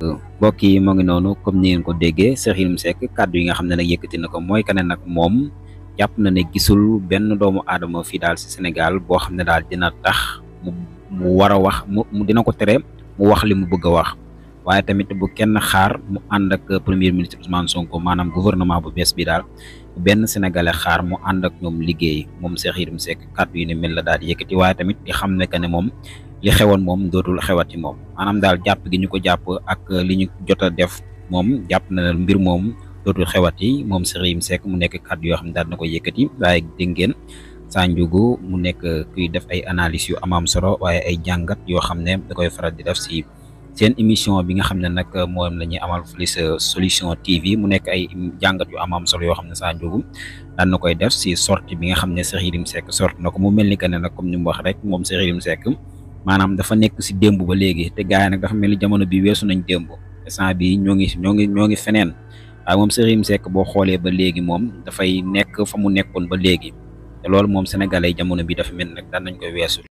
mbokk yi moo ngi noonu comme ni ngeen ko déggee Cheikh Yerim Seck kàddu yi nga xam ne nag yëkkati na ko mooy que ne nag moom jàpp na ne gisul benn doomu aadama fii daal si Sénégal boo xam ne daal dina tax mu mu war a wax mu dina ko tere mu wax li mu bëgg a wax waaye tamit bu kenn xaar mu ànd ak premier ministre Ousmane Sonko maanaam gouvernement bu bees bi daal benn sénégalais xaar mu ànd ak ñoom liggéey moom Cheikh Yerim Seck kàddu yi ne mel la daal di yëkkati waaye tamit di xam ne que ne moom. li xewoon moom dootul xewat moom maanaam daal jàpp gi ñu ko jàpp ak li ñu jot a def moom jàpp na mbir moom dootul xewat yi moom Serigne Seck mu nekk yoo xam ne daal na ko yëkkati waaye dégg ngeen Sandiougu mu nekk kuy def ay analyse yu amaam solo waaye ay jàngat yoo xam ne da koy faral di def si seen émission bi nga xam ne nag moom la ñuy amal fële sa solution TV mu nekk ay jàngat yu amaam solo yoo xam ne Sandiougu daan na koy def si sortie bi nga xam ne Serigne Seck sorti na ko ni que ne nag comme ni mu wax rek moom Serigne Seck. maanaam dafa nekk si démb ba léegi te gars yi nag dafa mel ni jamono bi weesu nañ démb instant bi ñoo ngi ñoo ngi ñoo ngi feneen waaye moom mu Seck boo xoolee ba léegi moom dafay nekk fa mu nekkoon ba léegi te loolu moom sénégalais jamono bi dafa mel nag daan nañ koy weesu